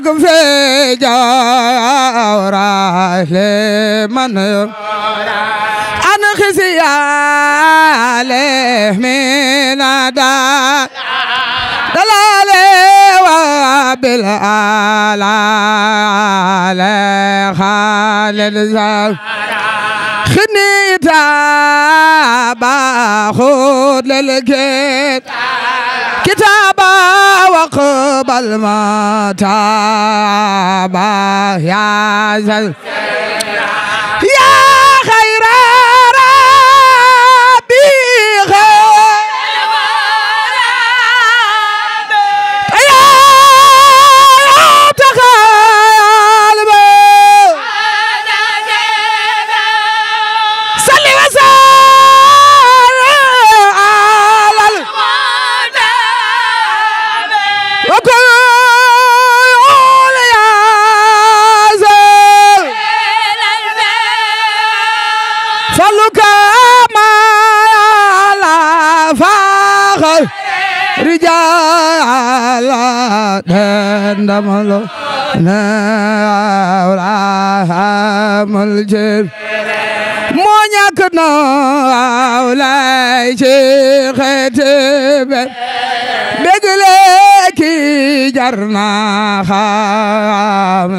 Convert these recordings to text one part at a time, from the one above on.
ak fee jawraay lee man an xisiyaale mina daa dalaale waa bil alaale xaalil zaal xinni taa baaxut lel keet kitaaba waqbal ma taaba yaa ndamalo nawra amal jër moo ñàkk na awlay ci xeete be begele ki jar na xam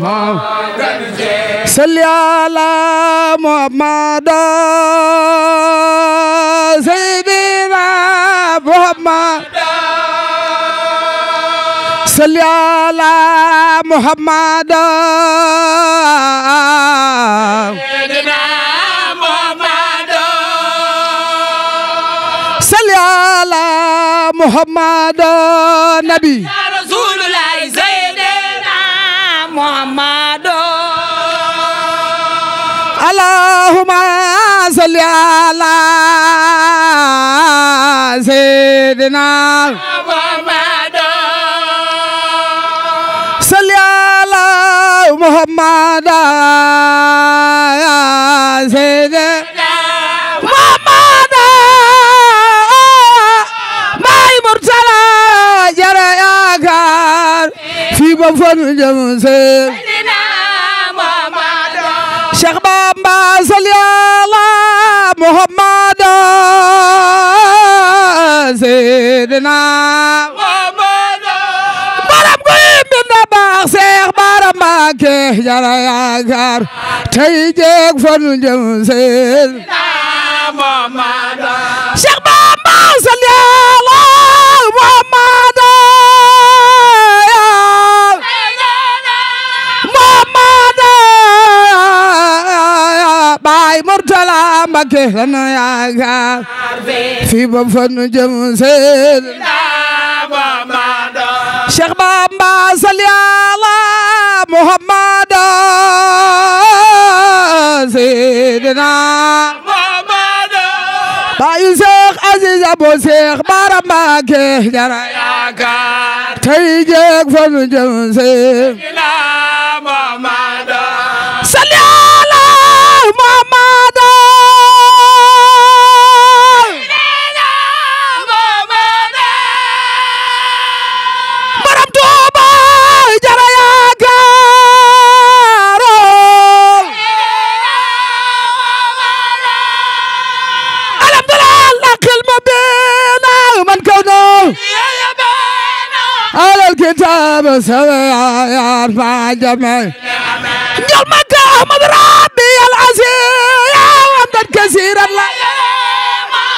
moom salli ala Muhammad صل على محمد سيدنا محمد صل على محمد نبي يا رسول الله سيدنا محمد اللهم صل على سيدنا محمد يا سيدنا محمد ماي مرتلى جرى يا كار في بفن جمس شيخ بابا صلي الله محمد سيدنا محمد maake jara yaakaar tey jeeg fan jëm seen Cheikh Bamba salli ala Muhammad Muhammad Baay Murtala Mbakke lan yaakaar fi ba fan jëm seen Cheikh Bamba salli Medina bayu Seex Aziz Abo Seex Bara Mbacké jara yaakaar tey jeeg fa nu jëm بس يرفع جمعي قلبك احمد ربي العزيز عبدا كثيرا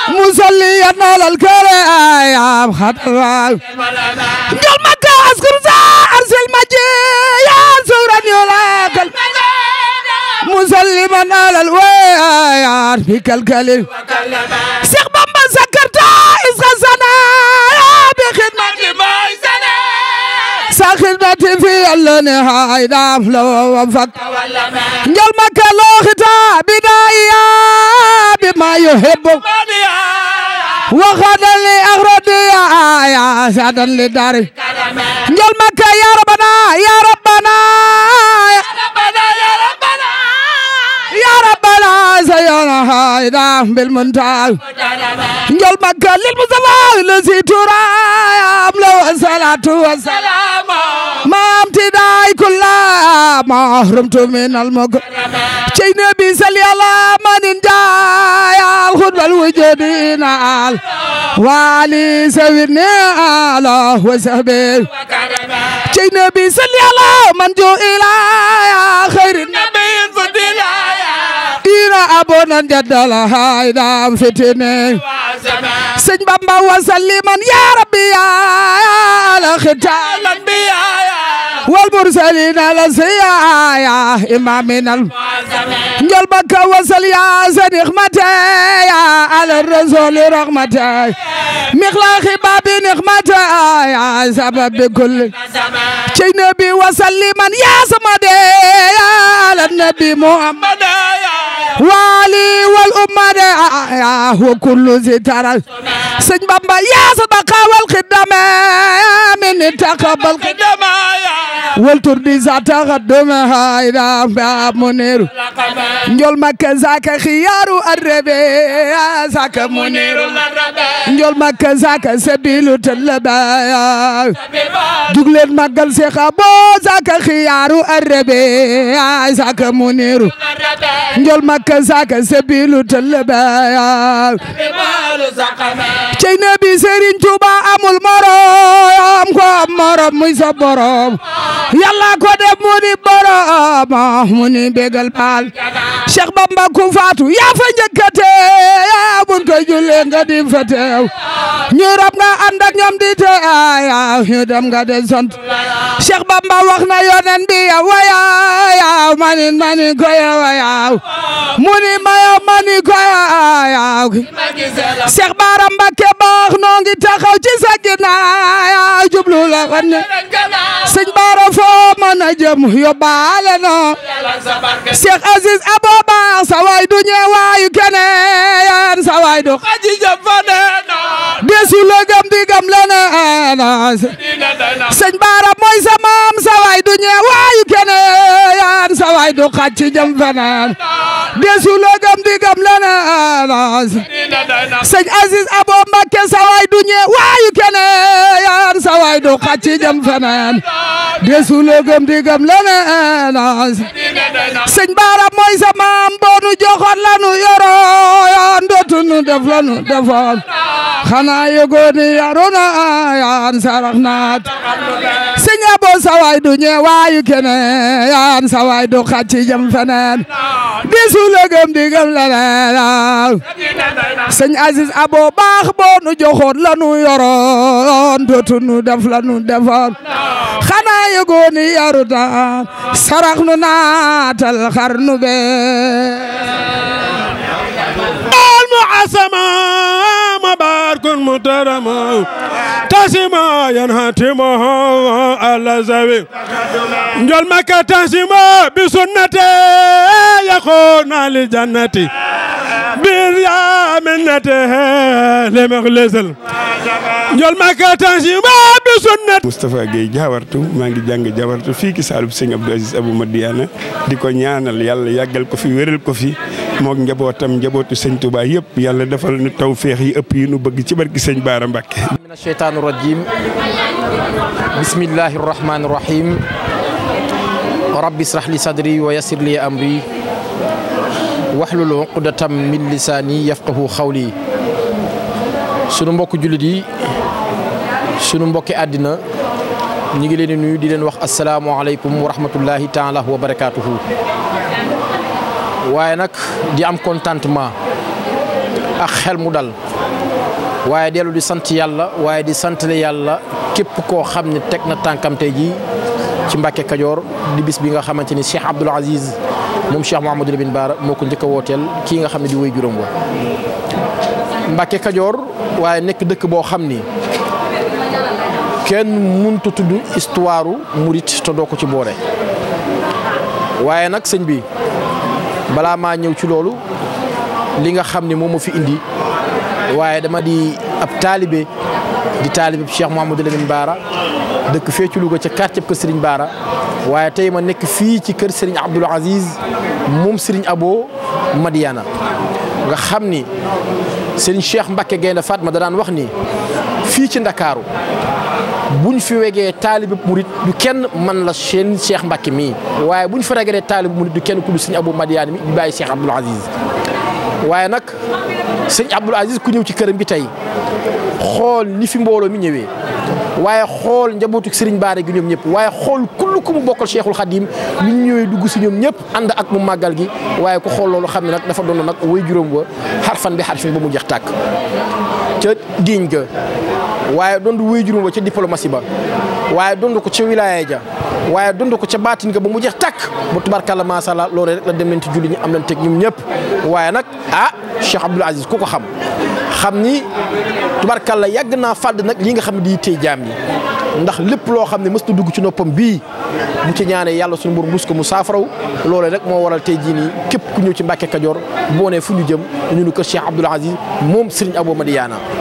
مصليا على الكريم خطر قلبك اذكر زهر المجيء زورا يلاقى مسلما على الويار فيك الكلم سيغ بمبا سكرتها خدمتي في اللنها إذا لو وفق جل مكلو خطاب بدايا بما يحب وخذ لي أغردي يا سعدا لداري جل مكة يا ربنا يا ربنا يا ربنا يا ربنا يا ربنا سيانا هايدا بالمنتال جل مكة للمصطفى الذي ترى أملا والصلاة والسلام كل ما حرمت من المغ شيء نبي صلي على من جاء الخد والوجدين آل والي سويني على وسبيل شيء نبي صلي على من جو إلى خير النبي فضل إلى أبونا جدل هايدا فتنين سنبamba وسلما يا ربي يا الختال الأنبياء والمرسلين الأسياء يا إمامنا قلبك وصل يا صديق متايا على الرسول رغمتي مخلاق بابي نغمتي يا سبب بكل شيء نبي وسلما يا سمدي على النبي محمد والي والأمة يا هو كل زيتار سنبابا يا صدقة والخدمة من تقبل خدمة يا wolturɗi sataha ɗoma hayra ba moneru jol makka zaka hiyaru arreɓe saka moneru jol makka zaka sabilu tallaba juglen maggal seha bo zaka hiyaru arreɓe saka moneru jol makka zaka sabilu tallaba ceynabi serigne touba muy sa borom yàlla ko def mu borom mu ni bégal baal Cheikh Bamba ku faatu yaa fa njëkkate yaa buñ koy jullee nga di fa teew rob nga ànd ak di te yaa ñu dem nga de sant Cheikh Bamba wax yonen bi ya wayaw manin manin ko ya wayaw mu ni maya Aziz Abo baax sa waay du keneen sa du xaji jëm fa nee di gëm leneen sëñ Bara mooy sa maam sa waay du du xaj ci gam di gam leneen sëñ Aziz Abo Mbakke sawaay du ñee waayu keneen sawaay du xaj jam fanaan desu gam di gam leneen sëñ Baara mooy maam boo nu joxoon la nu yoroon nu def la nu xanaa yëgoon ni yaru na yaan sarax naat sëñ Abo sa waay du ñeewaayu keneen yaan sa du xàcc jëm feneen disu la gëm di gëm leneen sëñ Aziz Abo baax boo nu joxoon la nu yoroon nu def la nu xanaa yëgoon ni yaru na sarax nu naat مات القرن المعصمة مبارك مترمة تسمى ينهتم على زوي نجل مكة تسمى بسنة يخون لجنتي بريا منته لمغلزل نجل مكة تسمى sunnat Moustapha Gueye jaawartu maa ngi jàng jaawartu fii ki saalub sëñ Abdou Aziz Abou Madiana di ko ñaanal yàlla yàggal ko fi wéral ko fi mook njabootam njabootu sëñ Touba yëpp yàlla defal nu tawféex yi ëpp yi nu bëgg ci barki sëñ Baara Mbàkke min asheytaani rajim bismillahir rahmaani rahim rabbi israh li sadri wa yassir li amri waxlul uqdatam min lisaani yafqahu xawli sunu mbokk jullit sunu mbokki adina ñi ngi leen di nuyu di leen wax assalamu alaykum wa rahmatullahi taala wa barakatuh waye nak di am contentement ak xel mu dal waye delu di sante yàlla waye di sante le yàlla kep ko xamni tek na tànkam tay ji ci mbacke kadior di bis bi nga xamanteni Cheikh abdul Aziz mom Cheikh mohammed Lamine bar moo ko njëkk a wooteel nga xamni di way juróom wa mbacke kadior waye nek dëkk bo xamni kenn mënta tudd histoire murit te ko ci boole waaye nag sëñ bi balaa maa ñëw ci loolu li nga xam ne moom ma fi indi waaye dama di ab taalibe di taalibe Cheikh Mouhamadou Lamine baara dëkk fee ci Louga ci quartier kër Serigne Bara waaye tey ma nekk fii ci kër Serigne Abdoul Aziz moom Serigne Abo Madiana nga xam ni Serigne Cheikh Mbacke Gaynde Fatma ma daan wax ni fii ci Ndakaaru bu ñu fi wegee taalib murit du kenn man la seen Cheikh Mbacke mi waaye buñ fi regeree taalib murit du kenn ku du sëñ Abou Madiane mi di bàyyi Cheikh Abdoul Aziz waaye nag sëñ Abdoul Aziz ku ñëw ci këram gi tey xool ni fi mbooloo mi ñëwee waaye xool njabootu Serigne Baare gi ñoom ñëpp waaye xool kullu ku mu bokkal Cheikhul Khadim ñu ñëwee dugg si ñoom ñëpp ànd ak mu màggal gi waaye ko xool loolu xam ne nag dafa doon nag way juróom wa xarfan bi xarfin ba mu jeex tàkk ca diiñ ga waaye dond wuy jurum ba ca diplomatie ba waaye dond ko ca wilaya ja waaye dund ko ca baatin ga ba mu jeex tàkk ba tubarkalla macha allah loolu rek la dem leen ci julli ñi am na teg ñum ñëpp waaye nag ah Cheikh Abdoul Aziz ku ko xam xam ni tubarkalla yàgg naa fàdd nag lii nga xam ne di tey jaam yi ndax lépp loo xam ne mës na dugg ci noppam bii mu ci ñaanee yàlla suñu mbur mus ko mu saafaraw loole rek moo waral tey jii nii képp ku ñëw ci Mbàkke Kajoor boo fu ñu jëm ñu nu kër Cheikh Abdoul Aziz moom Serigne Abo Madiyana